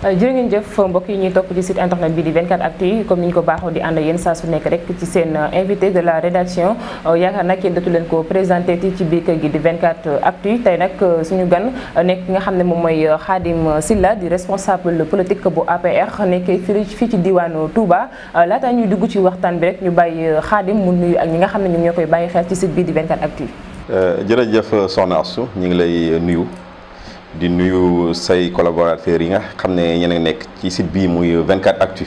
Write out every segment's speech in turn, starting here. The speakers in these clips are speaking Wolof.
Euh, jërë ngeen jëf mbokk yi ñuy topp ci site internet bi di 24 actu yi comme ni ñu ko baaxoo di ànd ak yéen saa su nekk rek ci seen euh, invité de la rédaction euh, yaakaar nag yéen dootu leen ko présenté ti ci biir kër gi di 24 actu yi tey nag suñu gan nekk ki nga xam ne moom mooy Khadim silla di responsable politique bu APR nekkee fii ci diwaanu Touba laataa ñuy dugg ci waxtaan bi rek ñu bàyyi xaadim mu nuyu ak ñi nga xam ne ñoom ñoo koy bàyyi xel ci site bii di 24 actu yi jërëjëf soxna Astou ñu ngi lay nuyu di nuyu say collaborateurs yi nga xam ne ñeneen nekk ci site bii muy 24 mhm, actu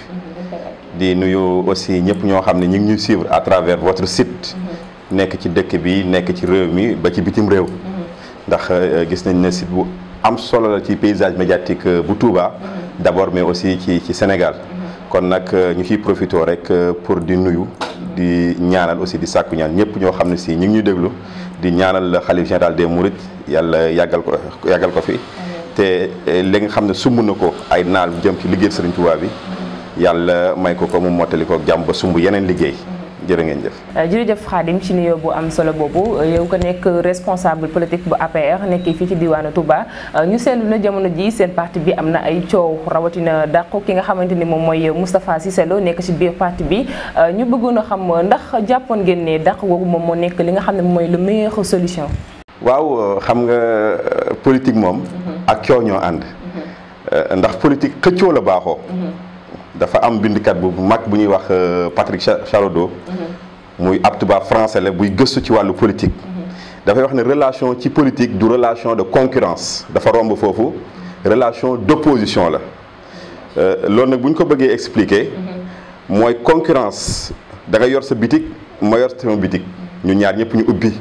di nuyu aussi ñëpp ñoo xam ne ñu ngi ñuy suivre à travers votre site mhm. nekk ci dëkk bi nekk ci réew mi ba ci bitim réew mhm. ndax euh, gis nañ ne site bu am solo la ci paysage médiatique euh, bu Touba d'abord mais aussi ci ci Sénégal kon nag euh, ñu ciy profité rek pour di nuyu di ñaanal aussi di sàkku ñaan ñëpp ñoo xam ne si ñu ngi ñuy déglu di ñaanal xalif général des mourides yàlla yàggal ko yàggal ko fi te eh, li nga xam ne sumb na ko ay naal jëm ci liggéey Serigne Touba bi yàlla may ko ko mu mottali ko jàmm ba sumb yeneen liggéey jërë ngeen jëf. Euh, jërëjëf Khadim ci nuyoo bu am solo boobu euh, yow ko nekk responsable politique bu APR nekkee fii ci diwaanu Touba euh, ñu seetlu na jamono ji seen parti bi am na ay coow rawatina dàqu ki nga xamante ni moom mooy Moustapha si Lo nekk ci biir parti bi ñu bëggoon a xam ndax jàppoon ngeen ne dàq googu moom moo nekk li nga xam ne mooy le meilleure solution. waaw xam nga politique moom. Mhm. ak coow ñoo ànd. Mhm. ndax politique xëccoo la baaxoo. Mhm. dafa am bindkat bu mag bu ñuy wax euh, Patrick Charodo mm-hmm. muy apte ba français la buy gëstu ci wàllu politique mm-hmm. dafay wax ne relation ci politique du relation de concurrence dafa romb foofu relation d'opposition la euh, loolu nag bu ñu ko bëggee expliquer mm-hmm. mooy concurrence da nga yor sa bitig ma yor sama bitig ñu ñaar ñëpp ñu ubbi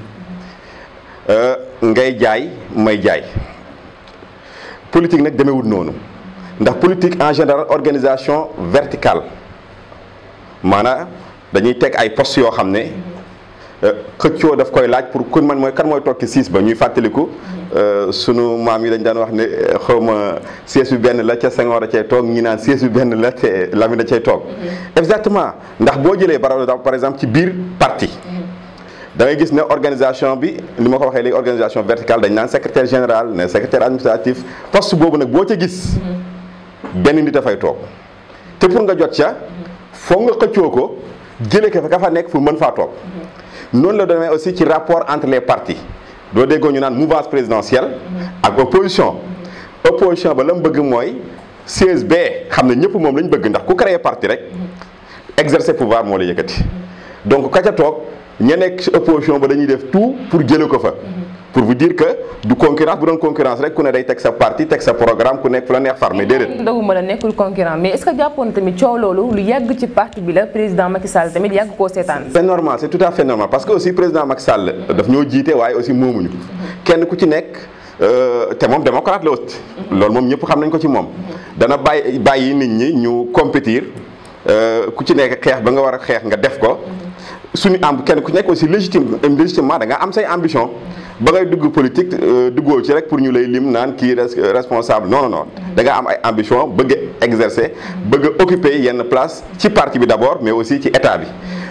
euh, ngay jaay may jaay politique nag demewut noonu ndax politique en général organisation vertical maanaam dañuy teg ay postes yoo xam ne euh, xëccoo daf koy laaj pour ku man mooy kan mooy toog ci siis ba ñuy fàttaliku euh, sunu maam yi dañ daan wax ne euh, xaw ma siis bi benn la ca Senghor a cay toog ñi naan siis bi benn la te Lamine da cay toog mm-hmm. exactement ndax boo jëlee bara par exemple ci biir parti mm-hmm. da ngay gis ne organisation bi ni ma ko waxee léegi organisation verticale dañ naan secretaire général ne secrétaire administratif poste boobu nag boo ca gis mm-hmm. benn nit dafay toog te pour nga jot ca foog nga xëccoo ko jële ko fa ka fa nekk pour mën faa toog noonu la demee aussi ci rapport entre les partis doo déggoo ñu naan mouvance présidentielle ak opposition opposition ba la mu bëgg mooy siège ba xam ne ñëpp moom la ñu bëgg ndax ku créer parti rek exercer pouvoir moo la yëkkati donc ka ca toog ña nekk ci opposition ba dañuy def tout pour jële ko fa. pour vous dire que du concurrence bu doon concurrence rek ku ne day teg sa parti teg sa programme ku nekk fu la neex far mais déedéet. doguma la nekkul concurrent mais est ce que jàppoon tamit coow loolu lu yàgg ci parti bi la président Macky Sall tamit yàgg koo seetaan. c' normal c' tout à fait normal parce que aussi président Macky Sall daf ñoo jiite waaye aussi moomuñu kenn ku ci nekk euh, te moom démocrate la aussi. loolu moom ñëpp xam nañ ko ci moom. dana bàyyi bàyyi nit ñi ñu compétir euh, ku ci nekk xeex ba nga war a xeex nga def ko. suñu am kenn ku nekk aussi légitime légitimement da nga am say ambition ba ngay dugg politique euh, duggoo ci rek pour ñu lay lim naan kii responsable non non non da nga am ay ambition bëgg a exercer bëgg a occuper yenn place ci parti bi d'abord mais aussi ci état bi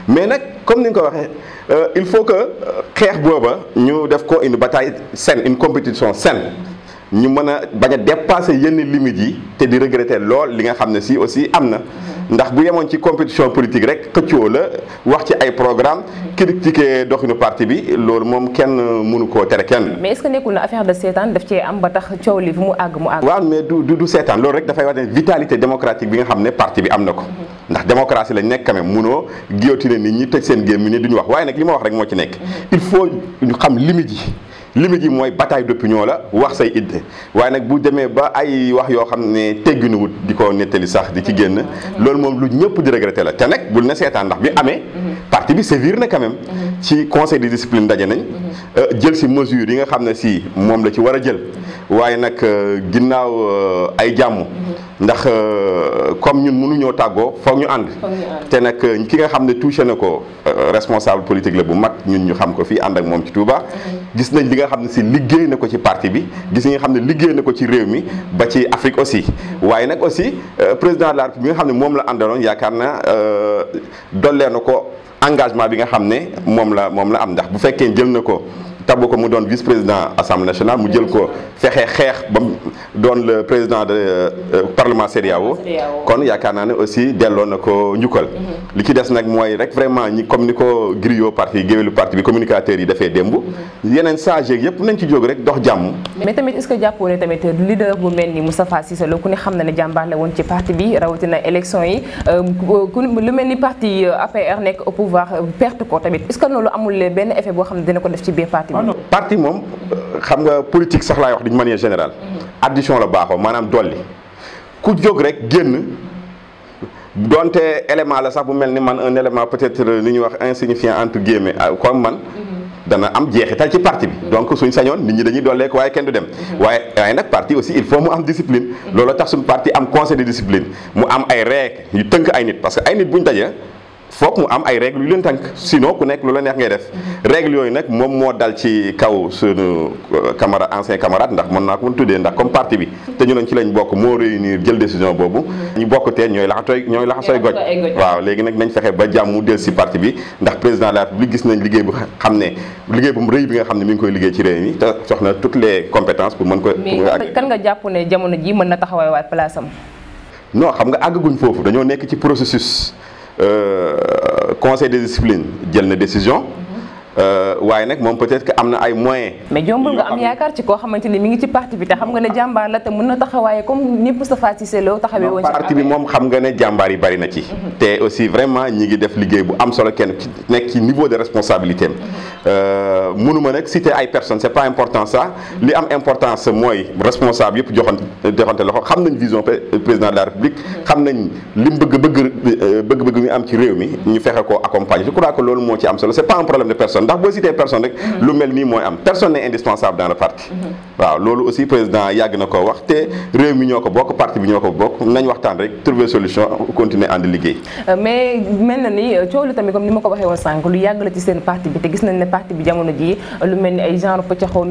mais nag comme ni nga ko waxee euh, il faut que euh, xeex booba ñu def ko une bataille seen une compétition saine ñu mën a bañ a dépasser yenn limites yi te di regretter lool li nga xam ne si aussi am na ndax bu yemoon ci compétition politique rek xëccoo la wax ci ay programme critiquer doxinu parti bi loolu moom kenn mënu koo tere kenn. mais est-ce que nekkul na affaire de seetaan daf cee am ba tax coow li mu àgg mu àgg. waaw mais du du seetaan loolu rek dafay wax ne vitalité démocratique bi nga xam ne parti bi am na ko. ndax démocratie la nekk quand même munoo guillotiner nit ñi tëj seen gémmiñ du duñu wax waaye nag li ma wax rek moo ci nekk. il faut ñu xam limite yi. limite yi mooy bataille d'opinion la wax say idée waaye nag bu demee ba ay wax yoo xam ne tegginu di ko nettali sax di ci génn mm-hmm. loolu moom lu ñëpp di regretté la te nag bul na seetaan ndax bi amee mm-hmm. parti bi sévir na quand même. Mm-hmm. ci conseil de discipline daje nañ. Mm-hmm. Euh, jël si mesure yi nga xam ne si moom la ci war a jël. Mm-hmm. waaye nag euh, ginnaaw euh, ay jàmm. ndax comme ñun mënuñoo tàggoo foog ñu ànd. te nag ki nga xam ne touché na ko responsable politique la bu mag ñun ñu xam ko fii ànd ak moom ci Touba. gis nañ li nga xam ne si liggéey na ko ci parti bi gis nga xam ne liggéey na ko ci réew mi ba ci Afrique aussi. waaye nag aussi président de la République bi nga xam ne moom la àndaloon yaakaar na dollee na ko. engagement bi nga xam ne moom la moom la am ndax bu fekkee jël na ko tabb ko mu doon vice président assemblée nationale mu jël ko fexe xeex ba doon le président de euh, parlement CEDEAO kon yaakaar naa ne aussi delloo na ko njukkal mhm. li ci des nag mooy rek vraiment ñi yi dafee démb mhm. yeneen saa yeeg nañ ci jóg rek dox jàmm mais tamit est que jàppoo ne tamit leader bu mel ni Moustapha Cissé Lo ku ne xam na ne jàmbaar la woon ci parti bi rawatina élection yi euh, ku lu mel ni parti euh, APR nekk au pouvoir perte ko tamit parti moom euh, xam nga politique sax laay wax d'une manière général mm-hmm. addition la baaxoo maanaam dolli ku jog rek génn donte élément la sax bu mel ni man un élément peut-être euh, ni ñuy wax insignifiant entre guillemets euh, comme man mm-hmm. dana am jeexital ci parti bi mm-hmm. donc suñ sañoon nit ñi dañuy dolleeku waaye kenn du dem waaye waaye nag parti aussi il faut mu am discipline loolu tax suñ parti am conseil de discipline mu am ay règles yu tënk ay nit parce que ay nit buñ daje foog mu am ay règles yu leen tànk sinon ku nekk lu la neex ngay def règles yooyu nag moom moo dal ci kaw suñu euh, camarade ancien camarade ndax mën naa ko mën tuddee ndax comme parti bi te ñu lañ ci lañ bokk moo réunir jël décision boobu ñu bokk teen ñooy laxatooy ñooy laxasooy goj waaw léegi nag nañ fexe ba jàmm mu del si parti bi ndax président de la République gis nañ liggéey bu xam ne liggéey bu mu rëy bi nga xam ne mu ngi koy liggéey ci réew mi te soxna toutes les compétences pour mën kan nga jàpp ne jamono ji mën na taxawaay waay place am non xam nga àggaguñ foofu dañoo nekk ci processus Euh, conseil de discipline jël na décision Euh, waaye nag moom peut-être que am na ay moyens. mais jombul nga am yaakaar ci koo xamante ni mi ngi ci parti bi te xam nga ne jàmbaar la te mën na taxawaaye comme ni Moustapha nga ne jàmbaar yi bari na ci. Mhm. te aussi vraiment ñi ngi def liggéey bu am solo kenn ci nekk ci niveau de responsabilité am euh, mënuma nag citer ay personne c'est pas important ça li am importance mooy responsable yëpp joxante joxante loxo xam nañ vision président de la République xam nañ lim bëgg bëgg bëgg-bëgg ñu euh, am ci réew mi ñu fexe koo accompagner ndax boo cité personne rek mhm. lu mel nii mooy am personne n'est indispensable dans le parti mhm. waaw loolu aussi président yàgg na ko wax te réew mi ñoo ko bokk parti bi ñoo ko bokk nañ waxtaan rek trouver solution continuer ànd liggéey euh, mais mel euh, ko waxee woon sànq lu yàgg ci seen parti te gis nañ ne parti bi euh, mel ni ay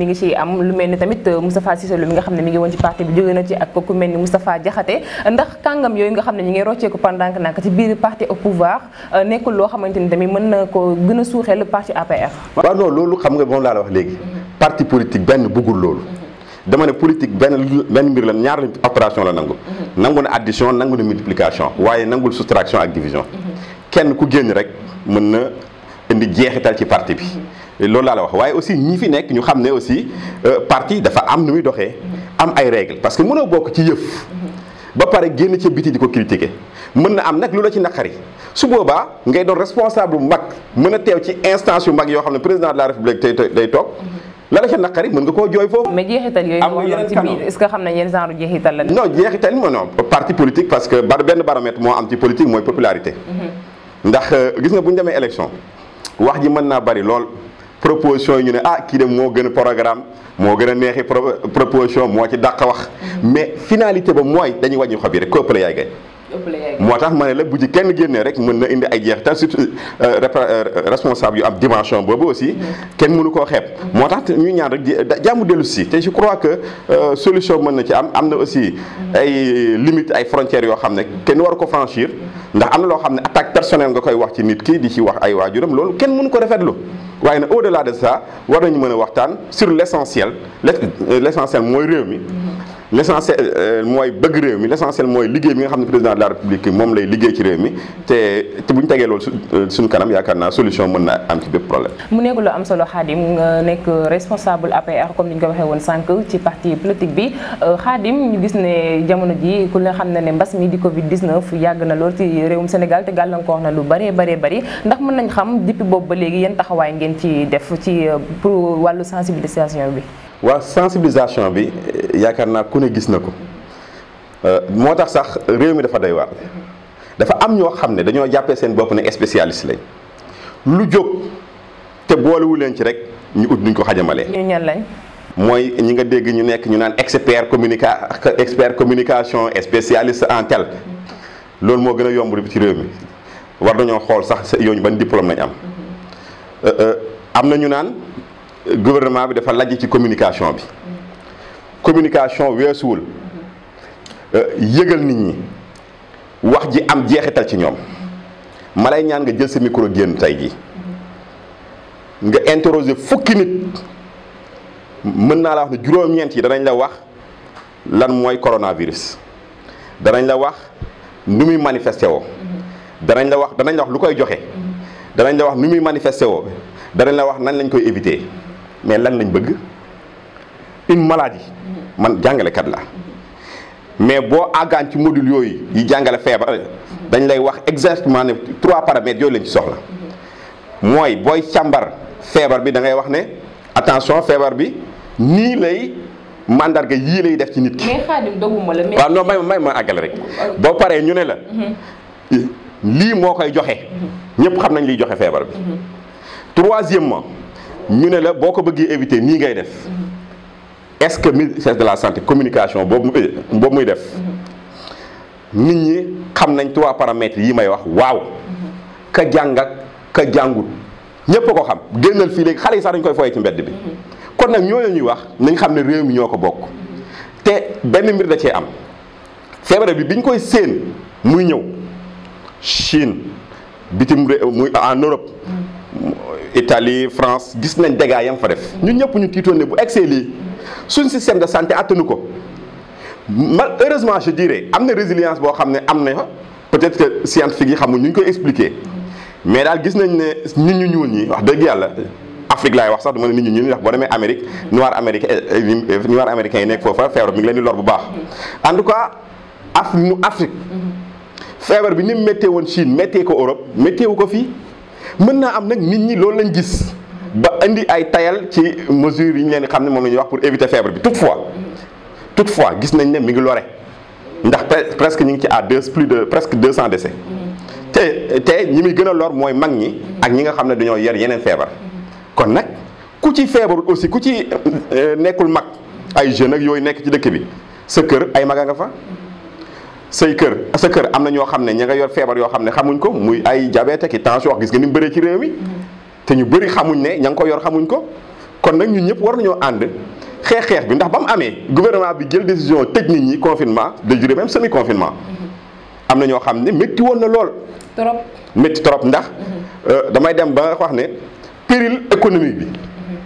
ngi ci am lu ni tamit Moustapha Cissé Lo nga xam ne mi ngi woon ci parti bi jóge na ci ak ku mel ni Moustapha Diakhaté ndax kàngam yooyu nga xam ne ñi ngay rocceeku pendant que nak ci biir parti au pouvoir nekkul loo xamante ni tamit mën na ko gën a suuxee le parti APR APR. waaw loolu xam nga boobu laa la wax léegi parti politique benn bëggul loolu dama ne politique benn benn mbir la ñaar la opération la nangu. nangu na addition nangu na multiplication waaye nangul soustraction ak division kenn ku génn rek mën na indi jeexital ci parti bi. loolu laa la wax waaye aussi ñi fi nekk ñu xam ne aussi euh, parti dafa am nu muy doxee am ay règles parce que mënoo bokk ci yëf. ba pare génn ca biti di ko critiquer mën na am nag lu la ci naqari su boobaa ngay doon responsable bu mag mën a teew ci instance yu mag yoo xam ne président de la république tey day toog. Mhm. la la ca naqari mën nga koo jooy foofu. mais jeexital yooyu ñu waxoon ci biir est-ce que xam nañ yenn genre jeexital la. non jeexital yi non parti politique parce que bar benn baromètre moo am ci politique mooy popularité. Mhm. ndax euh, gis nga bu ñu demee élection wax ji mën naa bari lool. proposition yi ñu ne ah kii dem moo gën a programme moo gën a neexi proposition moo ci dàq wax mais finalité ba mooy dañuy wàññi xob yi rek ko ëppale yaay gay moo tax ma ne la bu ci kenn génnee rek mën na indi ay jeexital surtout euh, euh, responsable yu am dimension boobu aussi mm-hmm. kenn mënu koo xeeb mm-hmm. moo tax ñu ñaan rek jàmmu dellu si te je crois que euh, solution mën na ci am am na aussi mm-hmm. ay limite ay frontières yoo xam ne kenn waru ko franchir ndax am na loo xam ne attaque personnelle nga koy wax ci nit ki di ci wax ay waajuram loolu kenn mënu ko rafetlu waaye nag au delà de ça war nañu mën a waxtaan sur l' essentiel l' euh, essentiel mooy réew mi l' essentiel euh, mooy bëgg réew mi l' essentiel mooy liggéey mi nga xam ne président de la république moom lay liggéey ci réew mi te bu ñu tegee loolu euh, suñu kanam yaakaar naa solution mën na am ci bépp problème. mu nekk lu am solo Khadim nga nekk responsable APR comme ni ñu ko waxee woon sànq ci parti politique bi euh, Khadim ñu gis ne jamono ji ku la xam ne ne mbas mi di Covid 19 yàgg na lool ci réewum Sénégal te gàllankoor na lu bëree bare bëri ndax mën nañ xam depuis boobu ba léegi yéen taxawaay ngeen ci def ci pour wàllu sensibilisation bi. waa sensibilisation bi eh, yaakaar naa ku ne gis na ko euh, moo tax sax réew mi dafa day waar dafa am ñoo xam ne dañoo jàppee seen bopp ne spécialiste lañ lu jóg te boolewu leen ci rek ñu ut duñ ko xajamalee. ñu mooy ñi nga dégg ñu nekk ñu naan expert communica expert communication spécialiste en tel loolu moo gën a yomb ci réew mi war dañoo xool sax yooyu ban diplôme lañ am euh, euh, am na ñu naan. gouvernement bi dafa lajj ci communication bi communication weesuwul euh, yëgal nit ñi wax ji am jeexital ci ñoom ma lay ñaan nga jël sa micro génn tey ji nga interroger fukki nit mën naa la wax ne juróom-ñeent yi danañ la wax lan mooy coronavirus danañ la wax nu muy manifesté woo danañ la wax danañ la wax lu koy joxe danañ la wax ni muy manifesté woo danañ la wax nan lañ koy éviter mais lan lañ bëgg une maladie mm-hmm. man jàngalekat la mm-hmm. mais boo àggaan ci module yooyu yi jàngale feebar mm-hmm. dañ lay wax exactement ne trois paramètres yooyu lañ ci soxla mooy booy càmbar feebar bi da ngay wax ne attention feebar bi nii lay mandarga yii lay def ci nit ki. mais Xaadim waaw non may may ma àggale rek. boo paree ñu ne la. lii moo koy joxe. ñëpp xam nañ liy joxe feebar bi. troisièmement ñu ne la boo ko bëggee éviter nii ngay def mm-hmm. est-ce que ministère de la santé communication boobu boobu muy def mm-hmm. nit ñi xam nañ trois paramètres yi may wax waaw mm-hmm. ka jàng ak ka jàngut ñépp a ko xam génnal fii léegi xale yi sax dañ koy foyee ci mbedd bi kon nag ñooñu ñuy wax nañ xam ne réew mi ñoo ko bokk te benn mbir la cee am feebare bi biñ koy séen muy ñëw Chine bitim réew muy en Europe Italie France gis nañ dégâts yam fa def ñun ñëpp ñu tiitoon ne bu egsee lii suñ système de santé attanu ko malheureusement je dirais am na résilience boo xam ne am na peut-être que scientifique yi xamul ñu ñu koy expliquer mais daal gis nañ ne nit ñu ñuul ñi wax dëgg yàlla Afrique laay wax sax du ma ne nit ñu ñuul ñi ndax boo demee Amérique noir américain noir américain yi nekk foofa feebar mi ngi leen di bu baax en tout cas af nu Afrique feebar bi ni mu méttee woon Chine méttee ko Europe méttee ko fii mën naa am nag nit ñi loolu lañ gis ba indi ay tayal ci mesures yi ñu leen xam ne moom la wax pour éviter fièvre bi toutefois fois gis nañ ne mi ngi lore ndax presque ñu ngi ci à deux plus de presque deux cent décès te te ñi muy gën a lor mooy mag ñi ak ñi nga xam ne dañoo yor yeneen feebar kon nag ku ci feebarul aussi ku ci euh, nekkul mag ay jeunes ak yooyu nekk ci dëkk bi sa kër ay mag a nga fa say kër sa kër am na ñoo xam ne ña nga yor feebar yoo xam ne xamuñ ko muy ay diabète ki tension wax gis nga ni mu bëree ci réew mi te ñu bëri xamuñ ne ña ngi ko yor xamuñ ko kon nag ñun ñëpp war nañoo ànd xeex xeex bi ndax ba mu amee gouvernement bi jël décision tëj nit ñi confinement de durée même semi confinement am na ñoo xam ne métti woon na lool. trop métti trop ndax. Mhm. Euh, damay dem ba nga wax ne péril économique bi.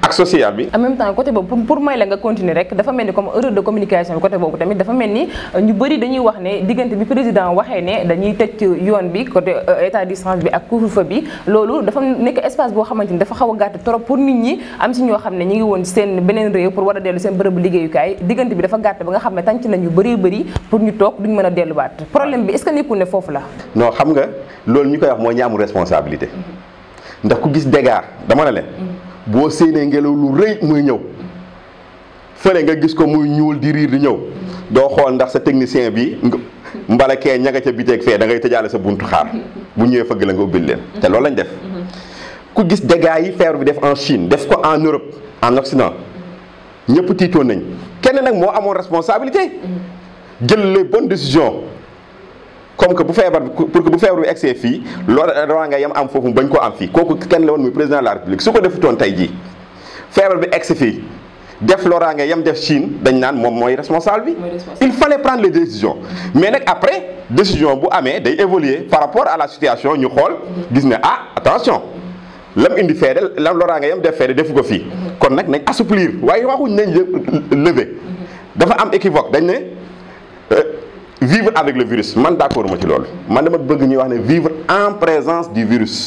ak social bi. en même temps côté boobu pour may la nga continuer rek dafa mel ni comme erreur de communication bi côté boobu tamit dafa mel ni ñu bëri dañuy wax ne diggante bi président waxee ne dañuy tëj yoon bi côté euh, état d'urgence bi ak couvre-feu bi loolu dafa nekk espace boo xamante ni dafa xaw gàtt trop pour nit ñi am si ñoo xam ne ñu ngi woon seen beneen réew pour war a dellu seen bërëbu liggéeyukaay diggante bi dafa gàtt ba nga xam ne tànc bëri bëri pour ñu toog duñ mën a bi est-ce que nekkul ne foofu la. loolu ñu koy wax mooy ñi amul responsabilité mm-hmm. ndax ku gis dégâts dama leen mm-hmm. boo séenee ngelaw lu rëy muy ñëw fere nga gis ko muy ñuul di riir di ñëw doo xool ndax sa technicien bi mbala kee ña nga ca biteeg fee da ngay tëjaale sa buntu xaar bu ñëwee fëgg la nga ubbil leen te loolu lañ def ku gis dégâts yi feebar bi def en Chine def ko en Europe en Occident ñëpp tiitoon nañ kenn nag moo amoon responsabilité jël les bonnes décisions comme que bu feebar bi pour que bu fii loolu nga yam am foofu bañ koo am fii kooku kenn la woon muy président de la république su ko defutoon tey jii feebar bi egsi fii def loraange yam def Chine dañ naan moom mooy responsable bi il fallait prendre les mais nag après décision bu amee day évoluer par rapport à la situation ñu xool gis ne ah attention lam indi feede lam loraange yam def feede defu ko fii kon nag nañ assouplir waaye waxuñ nañ lever mhm. dafa am équivoque dañ ne euh, vivre avec le virus man d'accord ma ci loolu man dama bëgg ñuy wax ne vivre en présence du virus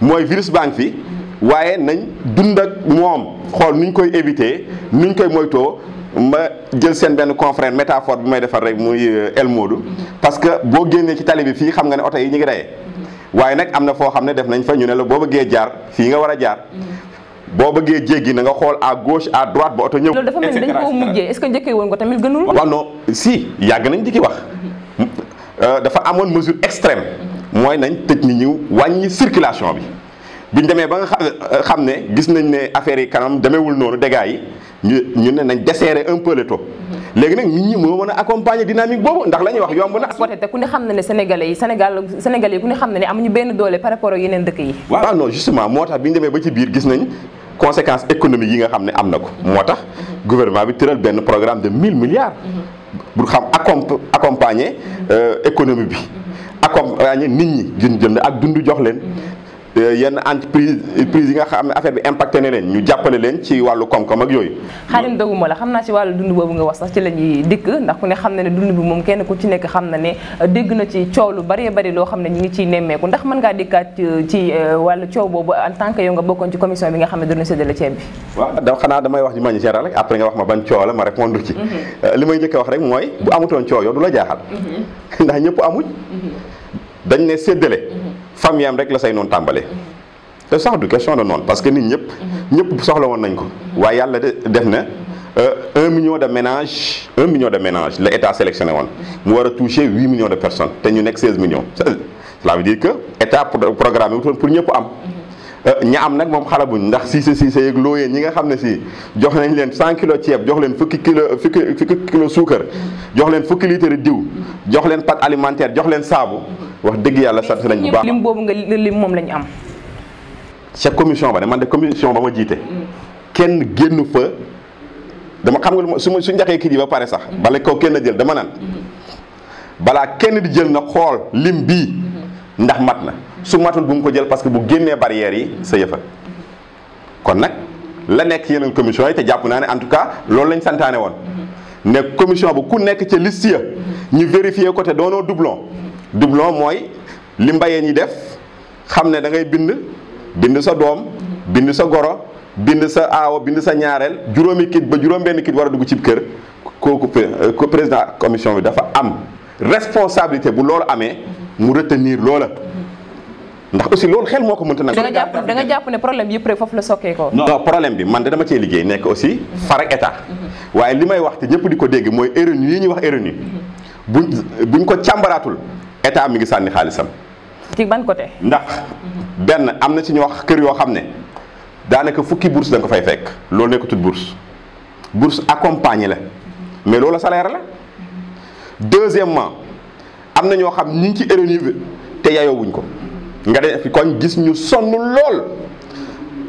mooy virus baa ngi fi waaye nañ dund ak moom xool nuñ koy éviter nuñ koy moytoo ma jël seen benn confrère métaphore bi may defar rek muy euh, El Modou parce que boo génnee ci tali bi fii xam nga ne oto yi ñu ngi dayee waaye nag am na foo xam ne def nañ fa ñu ne la boo bëggee jaar fii nga war a jaar boo bëggee jéggi na nga xool à gauche à droite ba oto ñëw. loolu dafa mel ni dañ koo mujjee est-ce que njëkkee woon ko tamit gënul. waaw non si yàgg nañ di ki wax euh, dafa amoon mesure extrême mooy nañ tëj nit ñi wàññi circulation bi biñ demee ba nga euh, xam ne gis nañ ne affaire yi kanam demeewul noonu dégâts yi ñu ñu ne nañ desserrer un peu léegi nag nit ñi moo mën a accompagner dynamique boobu ndax la ñuy wax yomb na. voté te ku ne xam na ne sénégalais yi Sénégal sénégalais yi ku ne xam na benn doole par rapport ak yeneen dëkk yi. waaw non moo tax bi ñu demee ba ci biir gis nañ. conséquences économiques yi nga xam ne am na ko moo tax gouvernement bi tëral benn programme de 1000 milliards bu xam accom accompagner euh, économie bi mm-hmm. accompagner nit ñi jën jënd ak dund jox leen Euh, yenn entreprise prise yi nga xam ne affaire bi impacté na leen ñu jàppale leen ci wàllu koom-koom ak yooyu xaalim dëgguma la xam naa ci wàllu dund boobu nga wax sax ci la dikk ndax ku ne xam na ne dund bi moom kenn ku ci nekk xam na ne euh, dégg na ci coow lu bari bari loo xam ne ñu ngi ciy nemmeeku ndax mën ngaa dikkaat euh, ci wàllu coow boobu en tant yow nga bokkoon ci commission bi nga xam ne doon séddale ceeb bi waaw da xanaa damay wax ci manière générale après nga mhm. a wax famille am rek la say noonu tàmbalee te sax du question de noonu parce que nit ñëpp ñëpp soxla woon nañ ko waaye yàlla de def na euh, un million de ménage un million de ménages la état sélectionné woon mu war a toucher huit millions de personnes te ñu nekk seize millions cela veut dire que état programme wutoon pour ñëpp am euh, ña am nag moom xalabuñ ndax si sa si sa yëg looyee ñi nga xam ne si jox nañ leen 100 kilo ceeb jox leen fukki kilo fukki fukki kilo suukar jox leen fukki litre diw jox leen pâte alimentaire jox leen saabu wax dëgg yàlla sant nañ bu baax lim boobu nga lim moom lañu am. ca commission ba ne man de commission ba ma jiite. Mm. kenn génn fa dama xam nga lu ma su ma su njaxee kii ba pare sax. Mm. bale ko kenn jël dama naan. Mm-hmm. balaa kenn di jël na xool lim bii. Mm-hmm. ndax mat na su matul bu mu ko jël parce que bu génnee barrières yi mm-hmm. sa yëfa kon nag la nekk yeneen commission yi te jàpp naa ne en tout cas loolu lañ santaane woon. ne commission bu ku nekk ca liste ya ñu vérifier ko te doonoo doublon mooy li mbayeen yi def xam ne da ngay bind bind sa doom bind sa goro bind sa aawo bind sa ñaareel juróomi kit ba juróom benn kit war a dugg cib kër kooku euh, président commission bi dafa am responsabilité bu loolu amee mu retenir loola ndax aussi loolu xel moo ko mënta nag. da nga jàpp ne problème yëpp rek foofu la sokkee ko. non problème bi man de dama cee liggéey nekk aussi. far ak waaye li may wax te ñëpp di ko dégg mooy erreur yi ñuy wax erreur yi mhm. buñ ko càmbaraatul. état mi ngi sànni xaalisam. ci ban côté. ndax benn am na ci ñu wax kër yoo xam ne daanaka fukki bourse da ko fay fekk loolu nekkatul bourse bourse accompagné la mais loolu salaire la deuxièmement am na xam ñi ngi ci réunion te yayoowuñ ko nga def kon gis ñu sonn lool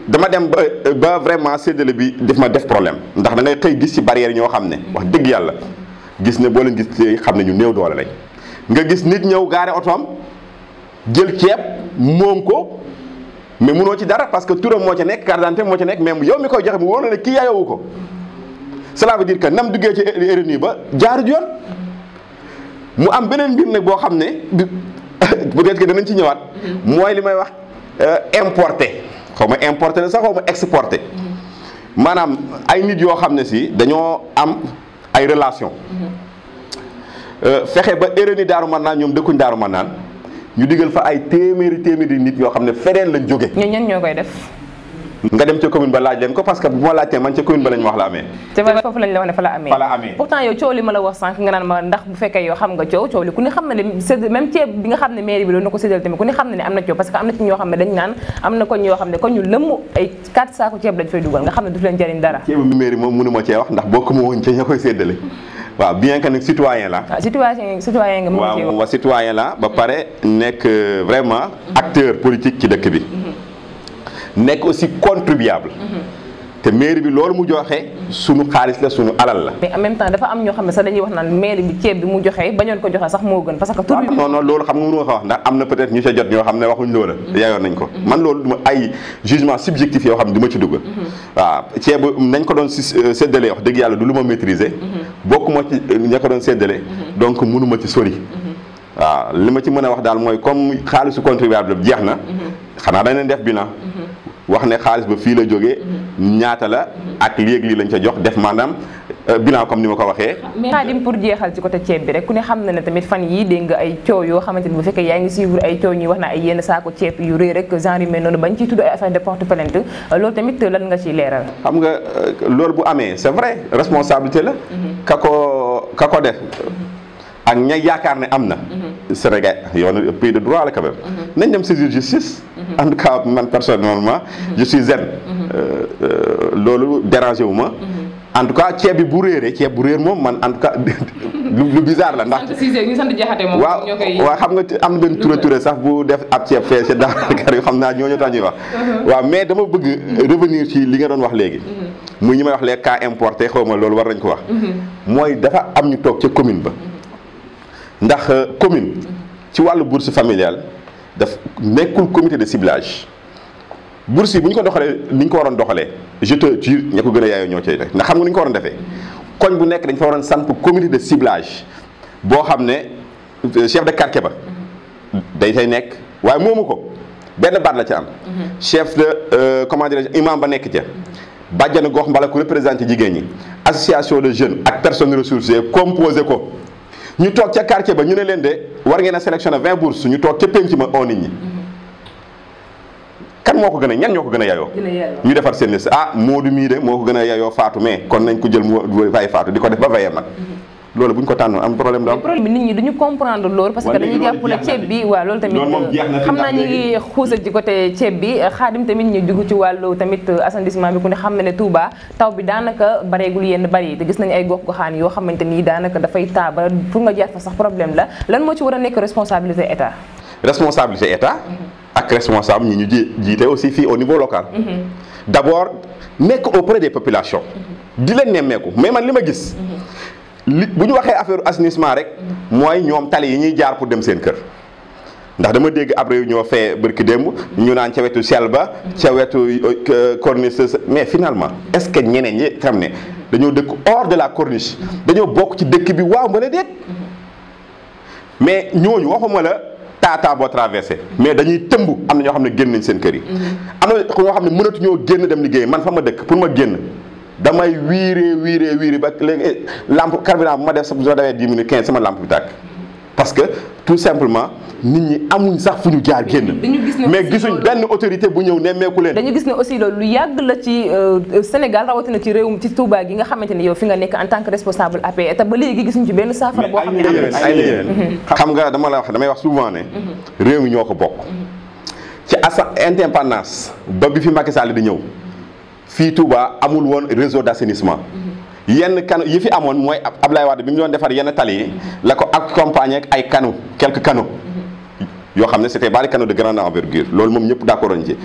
dama dem ba ba vraiment séddale bi def ma def problème ndax da ngay xëy gis ci barrière ñoo xam ne wax dëgg yàlla gis ne boo leen gis xam ne ñu néew doole lañ. nga gis nit ñëw gaare otoom jël ceeb moom ko mais munoo ci dara parce que turam moo ca nekk carte moo ca nekk mais yow mi koy joxe mu wóor na ne kii yaayowu ko cela veut dire que nam duggee ci RNU er-, ba jaarut yoon mu am beneen mbir ne boo xam ne bu être que danañ ci ñëwaat mooy li may wax euh, importé xaw ma importé la sax xaw ma exporté mm-hmm. maanaam ay nit yoo xam ne si dañoo am ay relation mm-hmm. Euh, fexe ba éréni daaru man naan ñoom dëkkuñ daaru man naan ñu digal fa ay téeméeri téeméeri nit ñoo xam ne feneen lañ jóge ñoo koy ba laaj leen ko parce que bu ma laajtee man ca commune ba lañ ma wax la amee te foofu lañ la wax ne fa la amee fa la amee pourtant coow li ma la wax sànq nga ndax bu fekkee yow xam nga coow coow li ku ne xam na ne même ceeb bi nga xam ne mairie bi doon na ko séddal tamit ku ne xam na ne am na coow parce que am na ci ñoo xam ne dañ naan am na koñ yoo xam ne koñ ñu lëmm ay 4 saako ceeb lañ fay dugal nga xam ne du leen waaw bien que nag citoyen la. Ah, waaw citoyen citoyen la ba pare nekk euh, vraiment acteur politique ci dëkk bi. Mhm. nekk aussi contribuable. Mhm. te mairie bi loolu mu joxe sunu xaalis la sunu alal la. mais en même temps dafa am ñoo xam ne sax dañuy wax naan mairie bi ceeb bi mu joxe bañoon ko joxe sax moo gën parce que. tur bi non xam nga mënu ko wax ndax am na ne waxuñ loola. Mhm. yaayoon nañ ko man loolu duma ay jugement subjectif yoo xam ne du ci dugg. waaw ceeb nañ ko doon si euh, séddalee wax dëgg yàlla du lu ma maîtriser. bokkuma ci eh, ña ko doon séddale. Mhm. donc mënuma ci sori. Mhm. waaw li ma ci mën a wax daal mooy comme xaalisu contribuable bi jeex na. Mhm. xanaa dañ leen def bilan. wax ne xaalis ba fii la jóge ñaata la ak léeg lii lañ ca jox def maanaam. Euh, bilan comme ni ma ko waxee. mais Khadim pour jeexal ci côté ceeb bi rek ku ne xam na ne tamit fan yii dégg ay coow yoo xamante ni bu fekkee yaa ngi suivre ay coow ñuy wax na ay yenn saako ceeb yu rëy rek genre yu mel noonu bañ ciy tudd ay affaire de porte plainte loolu tamit lan nga ciy leeral. xam nga euh, loolu bu amee c'est vrai responsabilité la. Mhm. ka ko ko def. ak ña yaakaar ne am na. Mhm. Sénégal yoonu pays de droit la quand même. Mhm. nañ dem saisir justice. en tout euh, loolu dérangé wu ma. en tout cas ceeb bi bu réeree ceeb bu réer moom man en tout cas lu bizarre la ndax. sant waa xam nga am na benn ture sax bu def ab ceeb fee ca Dakar yu xam naa ñooñu tax ñuy wax. Uh-huh. waaw mais dama bëgg revenir ci li nga doon wax léegi. Uh-huh. muy ñu may wax léegi cas importé xaw ma loolu war nañ ko wax. Uh-huh. mooy dafa am ñu toog ca commune ba. ndax euh, commune. ci wàllu bourse familiale daf nekkul comité de ciblage. bourse bu ñu ko doxalee ni ñu ko waroon doxalee je te jure ña ko gën a yaayoo ñoo cay rek ndax xam nga ni ñu ko waroon defee koñ bu nekk dañ fa waroon samp comité de ciblage boo xam ne euh, chef de quartier ba dañ tay nekk waaye moomu ko benn baat la ca am. Mm-hmm. chef de euh, comment dirais imam ba nekk ca. bàjjanu gox mbala ku représenté jigéen ñi association de jeunes ak personnes ressources composé ko ñu toog ca quartier ba ñu ne leen de war ngeen a sélectionné 20 bourses ñu toog ca penc ma oo nit ñi. Mm-hmm. kan moo ko gën a ñan ñoo ko gën a yayoo ñu defar seen liste ah Modou mii de moo ko gën a yayoo Fatou mais kon nañ ko jël mu vaye Fatou di ko def ba vaye mag mm-hmm. loolu bu ñu ko tànnoon am problème daal problème bi tamit xam naa ñu ngi bi xaadim tamit ñu dugg ci wàllu tamit assainissement bi ku ne xam ne Touba taw bi daanaka bareegul yenn bari te gis nañu ay gox goxaan yoo xamante nii daanaka dafay taa ba pour nga jaar fa sax problème la lan moo ci war a nekk responsabilité état responsabilité état mm-hmm. ak responsable ñi ñu ji jiite aussi fii au niveau local. Mm-hmm. d' abord nekk auprès des populations. Mm-hmm. di leen nemmeeku mais man li ma gis. Mm-hmm. li bu ñu waxee affaire assainissement rek. mooy ñoom tali yi ñuy jaar pour dem seen kër. ndax dama dégg ab réunion fee bërki démb ñu naan ca wetu Selba ca wetu euh, corniche mais finalement est ce que ñeneen ñi xam ne dañoo dëkk hors de la corniche dañoo bokk ci dëkk bi waaw ma ne déet mais ñooñu waxuma la. taataa traversé mais dañuy tëmb am na ñoo xam ne génn nañ seen kër yi. Mm-hmm. am na ñoo xam ne mënatuñoo génn dem liggéey man fa ma dëkk pour ma génn damay wiiree wiiree wiiree ba léegi eh, lampe carburant bu ma def sa bu ma quinze sama lampe bi tàkk. parce que tout simplement nit ñi amuñ sax fu ñu jaar génn. mais gisuñ benn autorité bu ñëw nemmeeku leen. dañu gis ne aussi loolu lu yàgg la ci euh, Sénégal rawatina ci réewum ci Touba gi nga xamante ni yow fi nga nekk en tant que responsable APR e. te ba léegi gisuñ ci benn saafara boo xam am ay yeneen mhm. xam nga dama la wax damay wax souvent ne. Mhm. réew mi ñoo ko bokk. Mhm. ci asa indépendance ba bi fi Macky Sall di ñëw fii Touba amul woon réseau d' assainissement. yenn kanu yi fi amoon mooy Ablaye Wade bi mu doon defar yenn tali yi la ko accompagner ak ay kanu quelques canaux yoo xam ne c'était bari canaux de grande envergure loolu moom ñëpp d'accord ci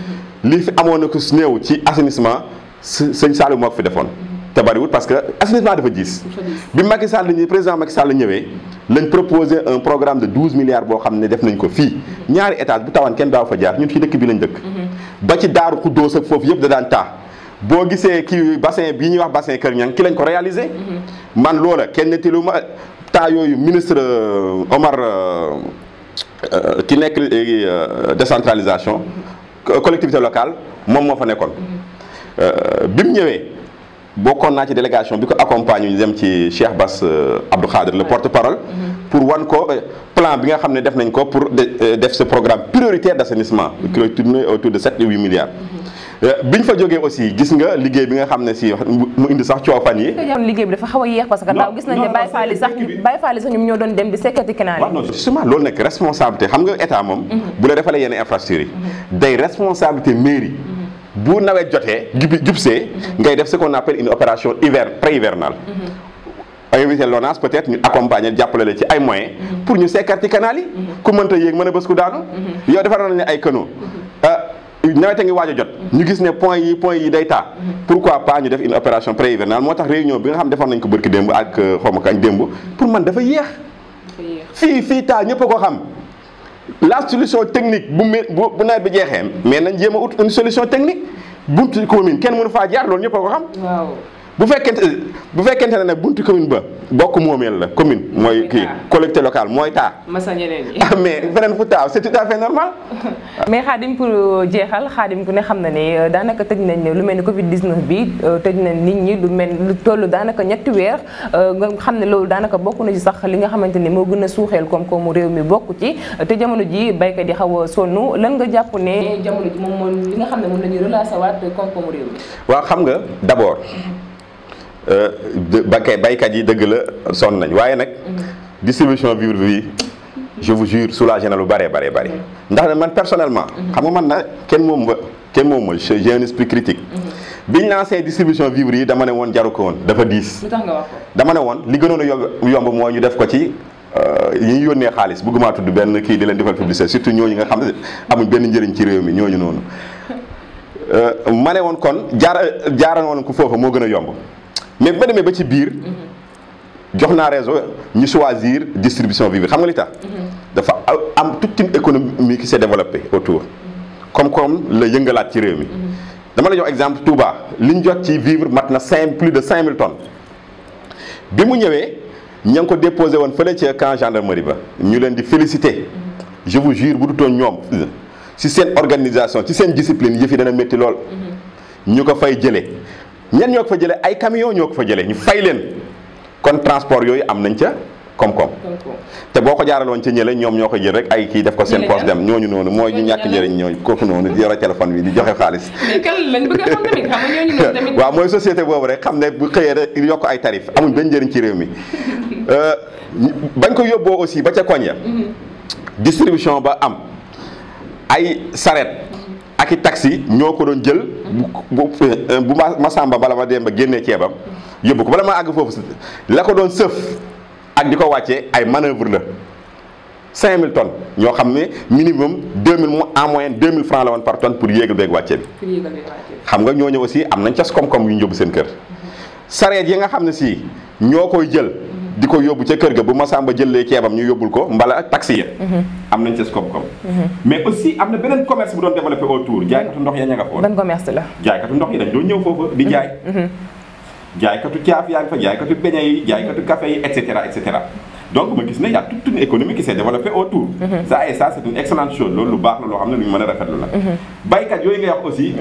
lii fi amoon na ko néew ci assainissement sëñ Saalum moo ko fi defoon te bariwul parce que assainissement dafa diis bi Macky Sall ñi président Macky Sall ñëwee lañ proposé un programme de 12 milliards boo xam ne def nañ ko fii ñaari étage bu tawan kenn daaw fa jaar ñun ci dëkk bi lañ dëkk mhm. yëpp da daan taa boo gisee kii bassin bii ñuy wax bassin Kër Niang ki lañ ko réaliser mm-hmm. man loola kenn nettilu ma temps yooyu ministre euh, Omar euh, euh, ki nekk léegi décentralisation mm-hmm. collectivité locale moom moo fa nekkoon. Mm-hmm. bi mu ñëwee bokkoon naa ci délégation bi ko accompagne ñu dem ci Cheikh Bass Abdou Khadir le porte parole. pour wan ko plan bi nga xam ne def nañ ko pour def ce programme prioritaire d' assainissement. qui tourne autour de 7 ou 8 milliards. Euh, biñ fa jógee aussi gis nga liggéey bi nga xam ne si mu indi sax coow yi liggéey bi xaw a yéex parce que daaw gis nañ ne Baye Fall yi sax Baye Fall yi sax ñoom ñoo doon dem di sekkati canal waaw non justement loolu nekk responsabilité xam nga état moom mhm. bu la defalee yenn infrastructure mhm. day responsabilité mairie mhm. bu nawet jotee jubsee ngay def ce qu'on appelle une opération hiver pré-hivernale invité l'ONAS peut-être ñu accompagner jàppale la ci ay moyens pour ñu sekkati canal yi ku mënta yéeg mën a bës ku daanu yow defar nañ ay canaux nawet a ngi waaj a jot mhm. ñu gis ne point yi point yi day taa mhm. pourquoi pas ñu def une opération pré-hivernale moo tax réunion bi nga xam defoon nañ ko bërki démb ak euh, xawma kañ démb pour man dafa yéex fii fii taa ñëpp ko xam la solution technique bu bu nawet bi jeexee mais nañ jéem a ut une solution technique buntu commune kenn mënu faa jaar loolu ñëpp ko xam bu fekkente bu fekkente ne nag buntu commune ba bokk moomeel la commune. mooy kii collecte locale mooy taa. masa ñeneen ñi mais feneen fu taaw c'est tout à fait xaadim pour euh, jeexal xaadim ku ne xam na ne euh, daanaka tëj nañ lu mel ni Covid 19 bi euh, tëj nañ nit ñi lu mel lu toll daanaka ñetti weer nga xam ne loolu daanaka bokk na ci sax li nga xamante ni moo gën a suuxeel koom-koomu réew mi bokk ci te jamono ji baykat yi xaw a sonn lan nga jàpp ne. jamono ji moom moom li nga xam ne mun nañu ñuy relancer waat koom-koomu réew mi. waaw xam nga d'abord. Mhm. Euh, ba kay baykat yi dëgg la sonn nañ waaye nag distribution vivre bi je vous jure soulagé na lu bëree bëree bëri ndax man personnellement xam nga man na kenn moom ba kenn moom ma j'ai un esprit critique biñ lancé distribution vivre yi dama ne woon jaru ko woon dafa diis dama ne li gënoon a yomb mooy ñu def ko ci yi euh, ñu yónnee xaalis bëgguma tudd benn kii di leen defal publicité surtout ñooñu nga xam ne benn njëriñ ci réew mi ñooñu noonu euh, ma woon kon jaar jaara woon ko foofu moo gën a yomb mais ba demee ba ci biir mhm. jox naa raison ñu choisir distribution bi xam nga li tax mhm. dafa am toute une économie qui se développée autour mhm. comme comme la yëngalaat ci réew mi dama la jox exemple Touba li ñu jot ci vivre mat na cinq plus de cinq mille tonnes bi mu ñëwee ña ngi ko déposé woon fële ci camp gendarmerie ba ñu leen di félicité je vous jure bu dutoon ñoom si seen organisation ci seen discipline yëf yi dana métti lool ñu ko fay jëlee ñen ñoo ko fa jëlee ay camion ñoo ko fa jëlee ñu fay leen kon transport yooyu am nañ ca koom-koom te boo ko jaaraloon ci ñële ñoom ñoo ko jël rek ay kii def ko seen poche dem ñooñu noonu mooy ñu ñàkk njëriñ ñooñu kooku noonu di yore téléphone bi di joxe xaalis waaw mooy société boobu rek xam ne bu xëyee rek yokk ay tarif amuñ benn njëriñ ci réew mi euh, bañ ko yóbboo aussi ba ca koñ ya mhm. distribution ba am ay saret ki i taxi ñoo ko doon jël bu bu eh, Masamba bala ma dem ba génnee ceebam yóbbu ko bala ma àgg foofu la ko doon sëf ak di ko wàccee ay manœuvre la 5000 tonnes ñoo xam ne minimum 2000 mu en moyenne 2000 francs la woon par ton pour yéegal beeg wàccee bi. xam nga ñoo ñooñu aussi am nañ cas koom-koom yu ñu yóbbu seen kër. sareet yi nga xam ne si ñoo koy jël. di ko yóbbu ca kër ga bu Masamba jëlee ceebam ñu yóbbul ko mbala taxi ya mhm. am nañ ca koom-koom mhm. mais aussi am na beneen commerce bu doon développé autour jaaykatu ndox ya ña foofu di jaay mhm. jaaykatu caaf yaa ngi fa jaaykatu beñe yi jaaykatu café yi et cetera donc ma gis ne y a toute une économie qui s'est autour ça et ça c'est une excellente loolu lu baax la loo xam ne lu ñu mën a rafetlu la baykat yooyu ngay wax aussi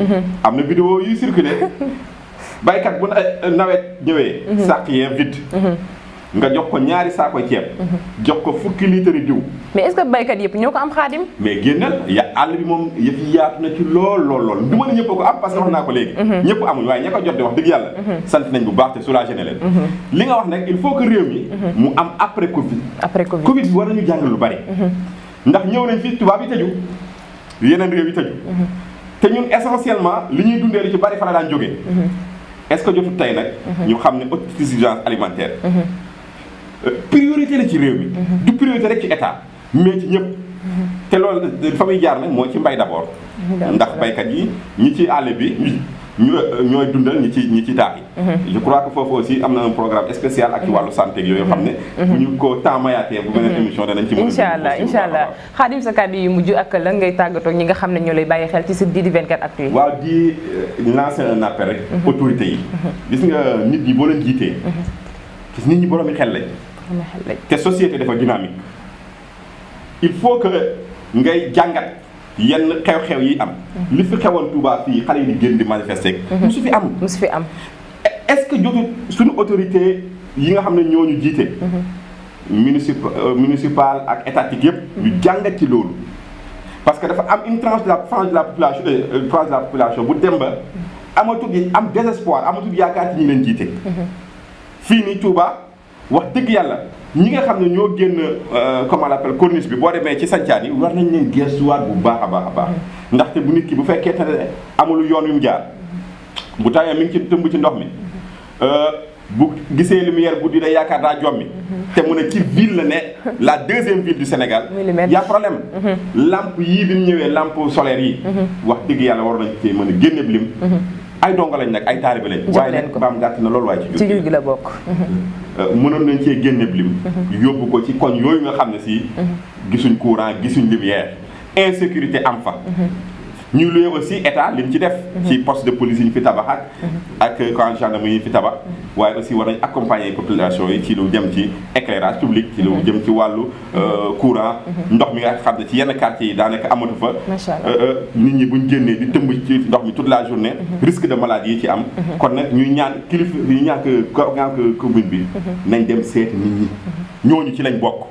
am na vidéo yuy circulé baykat bu nawet ñëwee sàq yee nga jox ko ñaari saakoy ceeb. jox ko fukki litre diw. mais est-ce baykat yëpp ñoo ko am xaadim. mais génnal ya àll bi moom yëf yi yaatu na ci lool lool lool du ma ne ñëpp ko am parce que wax naa ko léegi. Mhm. ñëpp amuñ waaye ña ko jot di wax dëgg yàlla. Mhm. sant nañ bu baax te soulagé na leen. Mhm. li nga wax nag il faut que réew mi. mu am après Covid. Covid war nañu jàng lu bari. ndax ñëw nañ fi tubaab yi tëju yeneen réew yi tëju. te ñun essentiellement li ñuy dundee ci bari fa la daan jógee. est-ce que jotul tey ñu xam ne autosuffisance alimentaire. priorité la ci réew mi. Mhm. du priorité rek ci état mais ci ñëpp. Mhm. te lool fa muy jaar nag moo ci mbay d'abord. ndax baykat yi ñi ci àll bi ñu ñooy dundal ñi ci ñi ci taax yi. Mhm. je crois que foofu aussi am na un programme spécial ak ci wàllu santé ak yooyu xam ne. bu ñu ko taamayatee bu beneen émission danañ ci mën a. incha allah incha allah xaadim sa kàddu yu mujj ak lan ngay tàggatoo ñi nga xam ne ñoo lay bàyyi xel ci site di di 24 actu yi. waaw di euh, lancer un appel rek. autorités yi. gis nga nit yi boo leen jiitee. gis nit ñi borom xel te société dafa dynamique il faut que ngay jàngat yenn xew-xew yi am. Mhm. lu fi xewoon Touba fii xale yi di génn di manifester. musu mhm. fi am musu fi am. est-ce que jotul suñu autorité yi nga xam ne ñoo ñu jiite. Mhm. municipal euh, municipal ak étatique yëpp. ñu jàngat ci loolu. parce que dafa am une tranche de la tranche de la population euh, tranche de la population bu dem ba amatul am désespoir amatul yaakaar ci ñu leen jiite. fii nii Touba. wax dëgg yàlla ñi nga xam ne ñoo génn euh, comment on l'appelle corniche bi boo demee ci sancaan yi war nañ leen gestuwaat bu baax a baax a baax ndaxte bu nit ki bu fekkee te amul yoon yu mu jaar bu tawee mi ngi ci tëmb ci ndox mi euh, bu gisee lumière guddi day yaakaar daa jommi te mu ne ci biir la ne la deuxième ville du Sénégal y a problème mhm. lampe yii bi mu ñëwee lampe solaire yi mhm. wax dëgg yàlla war nañ cee mën a génne lim mhm. ay dongo lañ nag ay taalibe lañ waaye nag baam na loolu waaye ci jur gi bokk Euh, mënoon nañ cee génne lim. Mhm. yóbbu ko ci koñ yooyu nga xam ne si. Mhm. gisuñ courant gisuñ lumière insécurité am fa. Mhm. ñu loué aussi état li mu ci def. Mhm. ci poste de police yi ñu fi tabax ak. Mhm. ak quand gendarmerie yi fi tabax. Mhm. waaye aussi war nañ accompagner population yi ci lu jëm ci éclairage public. ci lu jëm ci wàllu euh, courant. ndox mi nga xam ne ci yenn quartier yi daanaka amatu fa. macha allah euh, euh, nit ñi buñ génnee di tëmb ci ndox mi tout la journée. risque de maladie yi ci am. kon nag ñuy ñaan kilifa ñuy ñaan ko commune bi. nañ dem seet nit ñi. ñooñu ci lañ bokk.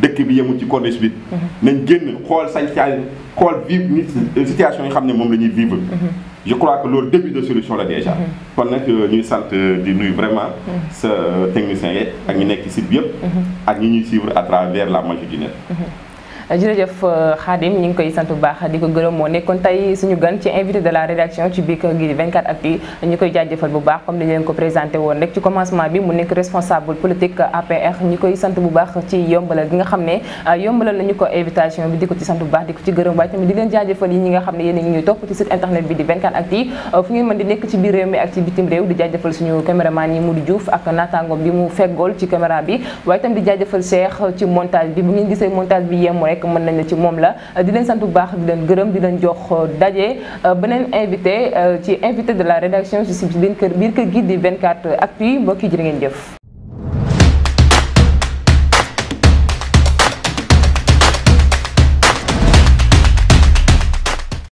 dëkk bi yemul ci corniche bi mhm. nañ génn xool sañ-sañ xool vivre nit euh, situation yi xam ne moom la ñuy vivre mhm. je crois que loolu début de solution la déjà mhm. kon euh, ñuy sant euh, di nuyu vraiment sa technicien yeeg ak ñu nekk ci site yëpp ak ñu ñuy suivre à travers la magie du jërëjëf euh, Khadim ñu ngi koy sant bu baax di ko gërëm moo nekkoon tey suñu gan ci invité de la rédaction ci biir gi di 24 actu ñu koy bu baax comme ni leen ko présenté woon rek ci commencement bi mu nekk responsable politique APR bu baax ci yombalal gi nga xam ne euh, yombalal nañu ko invitation bi di ko ci sant bu baax di ko ci gërëm waaye tamit di leen nga xam ne yéen a ngi ñuy topp ci site internet bi di 24 actu euh, fu biir réew mi ak ci bitim réew di jaajëfal suñu caméraman yi Modou Diouf ak naataango bi mu feggool ci caméra bi waaye tamit di jaajëfal Cheikh ci montage bi bu ngeen gisee montage bi yem rek fekk mën nañ ne ci moom la di leen sant bu baax di leen gërëm di leen jox euh, daje euh, beneen invité euh, ci invité de la rédaction je suis biir kër biir kër gi di 24 actu mbokki yi jërë ngeen jëf